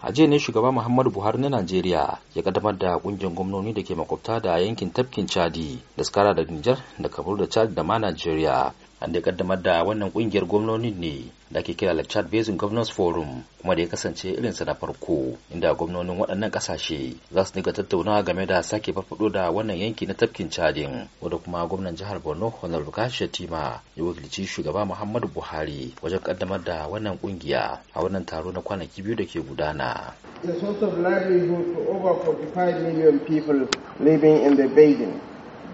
A jiya ne shugaba Muhammadu Buhari na Najeriya ya kaddamar da kungiyar gwamnoni da ke makwabta da yankin tafkin Chadi da skara da niger da Kabul da Chad da ma Najeriya an da kaddamar da wannan kungiyar gwamnonin ne da ake kira Chad Basin Governors Forum kuma da ya kasance irinsa na farko inda gwamnonin waɗannan ƙasashe za su dinga tattaunawa game da sake farfado da wannan yanki na tafkin Chadin wanda kuma gwamnan jihar Borno Honorable Kashi Shatima ya wakilci shugaba Muhammadu Buhari wajen kaddamar da wannan kungiya a wannan taro na kwanaki biyu da ke gudana. The source of livelihood to over 45 million people living in the basin.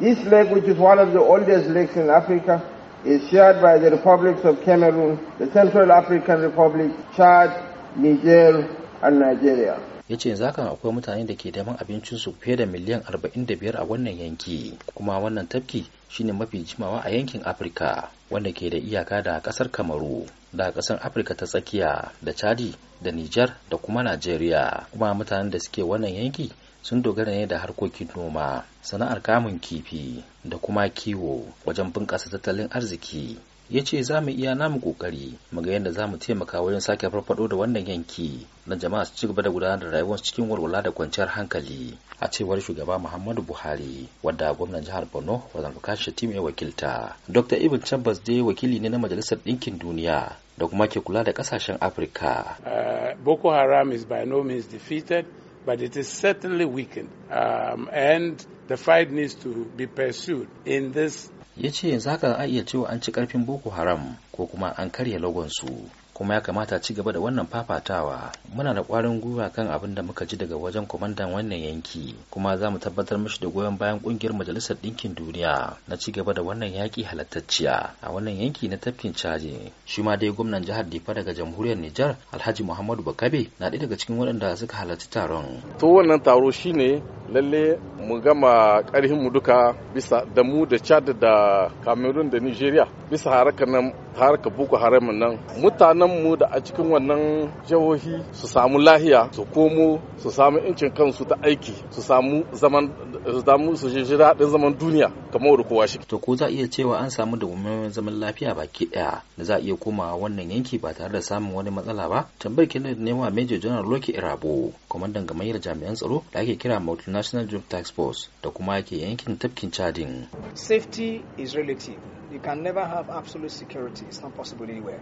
This lake, which is one of the oldest lakes in Africa, is shared by the republics of Cameroon, the Central African Republic, Chad, Niger, and Nigeria. ya ce zakan akwai mutane da ke neman abincinsu fiye da miliyan 45 a wannan yanki kuma wannan tafki shine mafi jimawa a yankin afirka wanda ke da iyaka da kasar kamaru daga kasar afirka ta tsakiya da chadi da nijar da kuma najeriya kuma mutanen da suke wannan yanki sun dogara ne da harkokin noma sana'ar kamun kifi da kuma kiwo wajen bunƙasa tattalin arziki ya ce za mu iya namu kokari mu ga yadda za mu taimaka wajen sake farfado da wannan yanki na jama'a su ci gaba da gudanar da rayuwarsu cikin walwala da kwanciyar hankali a cewar shugaba muhammadu buhari wadda gwamnan jihar borno wadanda kashi tim ya wakilta dr ibn chabbas dai wakili ne na majalisar ɗinkin duniya da kuma ke kula da ƙasashen afirka uh, boko haram is by no means defeated but it is certainly weakened um, and the fight needs to be pursued in this ya ce yanzu haka a iya cewa an ci karfin boko haram ko kuma an karya lagonsu kuma ya kamata ci gaba da wannan fafatawa muna da kwarin gwiwa kan abin da muka ji daga wajen kwamandan wannan yanki kuma za mu tabbatar mashi da goyon bayan kungiyar majalisar ɗinkin duniya na ci gaba da wannan yaƙi halattacciya a wannan yanki na tafkin caji shi ma dai gwamnan jihar difa daga jamhuriyar nijar alhaji muhammadu bakabe na ɗaya daga cikin waɗanda suka halarci taron to wannan taro shine lalle mu gama mu duka bisa da mu da chad da cameroon da nigeria bisa harkar nan harkar boko haram nan mutanen mu da a cikin wannan jihohi su samu lahiya su komo su samu incin kansu ta aiki su samu zaman su damu su daɗin zaman duniya kamar da kowa shi to ko za iya cewa an samu da zaman lafiya baki daya da za iya koma wannan yanki ba tare da samun wani matsala ba tambayar kenan ne nema major general loki irabo kwamandan gamayyar jami'an tsaro da ake kira mautuna international drug task force da kuma ke yankin tafkin chadin safety is relative you can never have absolute security it's not possible anywhere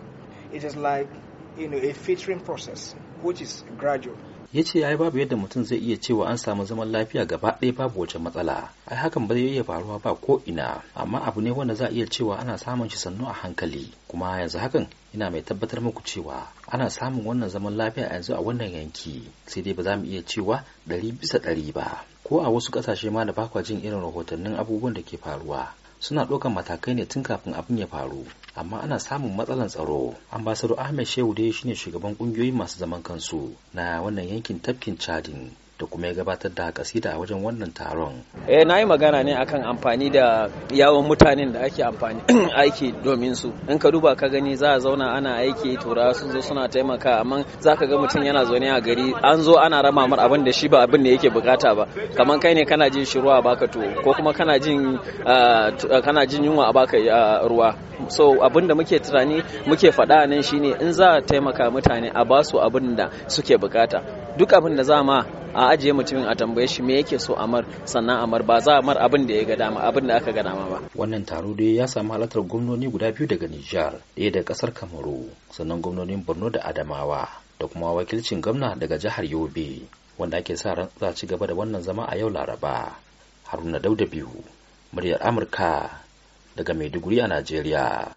it is like you know a filtering process which is gradual ya ce ai babu yadda mutum zai iya cewa an samu zaman lafiya gaba ɗaya babu wace matsala ai hakan ba zai iya faruwa ba ko ina amma abu ne wanda za a iya cewa ana samun shi sannu a hankali kuma yanzu hakan ina mai tabbatar muku cewa ana samun wannan zaman lafiya yanzu a wannan yanki sai dai ba za mu iya cewa ɗari bisa ɗari ba ko a wasu ƙasashe ma da bakwa jin irin rahotannin abubuwan da ke faruwa suna ɗaukar matakai ne tun kafin abin ya faru amma ana samun matsalan tsaro ambasado ahmed shehu dai shine shugaban ƙungiyoyin masu zaman kansu na wannan yankin tafkin chadin da kuma ya gabatar da kasida a wajen wannan taron. Eh na yi magana ne akan amfani da yawon mutanen da ake amfani aiki domin su. In ka duba ka gani za a zauna ana aiki tura sun zo suna taimaka amma za ka ga mutum yana zaune a gari an zo ana rama mar abin da shi ba abin da yake bukata ba. Kamar kai ne kana jin shi ruwa a baka tuwo ko kuma kana jin ah, ah, kana jin yunwa a baka ah, ruwa. So abin da muke tunani muke faɗa nan shine in za a taimaka mutane a basu abin da suke bukata. Duk abin da za ma a ajiye mutumin a tambaye shi me yake so amar sannan amar ba za a mar abin da ya ga dama abin da aka ga dama ba wannan taro dai ya samu halartar gwamnoni guda biyu daga Nijar ɗaya da ƙasar Kamaru sannan gwamnonin Borno da Adamawa da kuma wakilcin gwamna daga jihar Yobe wanda ake sa ran za ci gaba da wannan zama a yau Laraba Haruna Dauda biyu muryar Amurka daga Maiduguri a Najeriya